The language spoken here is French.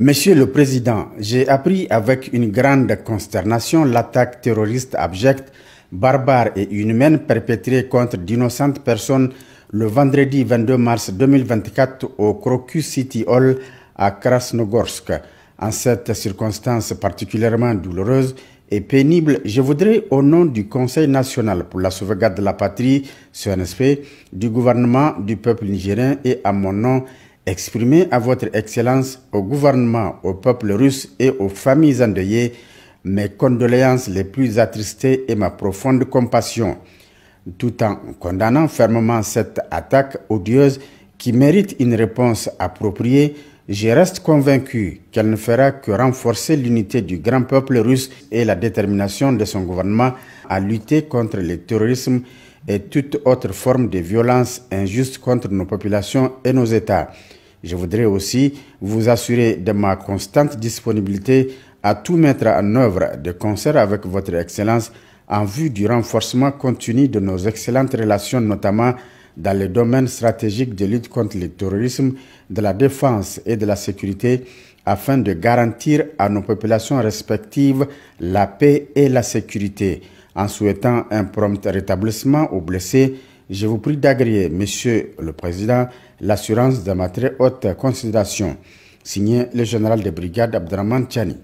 Monsieur le Président, j'ai appris avec une grande consternation l'attaque terroriste abjecte, barbare et inhumaine perpétrée contre d'innocentes personnes le vendredi 22 mars 2024 au Crocus City Hall à Krasnogorsk. En cette circonstance particulièrement douloureuse et pénible, je voudrais, au nom du Conseil national pour la sauvegarde de la patrie, CNSP, du gouvernement du peuple nigérien et à mon nom, Exprimez à votre Excellence, au gouvernement, au peuple russe et aux familles endeuillées mes condoléances les plus attristées et ma profonde compassion, tout en condamnant fermement cette attaque odieuse qui mérite une réponse appropriée. Je reste convaincu qu'elle ne fera que renforcer l'unité du grand peuple russe et la détermination de son gouvernement à lutter contre le terrorisme et toute autre forme de violence injuste contre nos populations et nos États. Je voudrais aussi vous assurer de ma constante disponibilité à tout mettre en œuvre de concert avec votre Excellence en vue du renforcement continu de nos excellentes relations, notamment dans les domaines stratégiques de lutte contre le terrorisme, de la défense et de la sécurité, afin de garantir à nos populations respectives la paix et la sécurité, en souhaitant un prompt rétablissement aux blessés je vous prie d'agréer, Monsieur le Président, l'assurance de ma très haute considération. Signé le général de brigade Abdraman Tchani.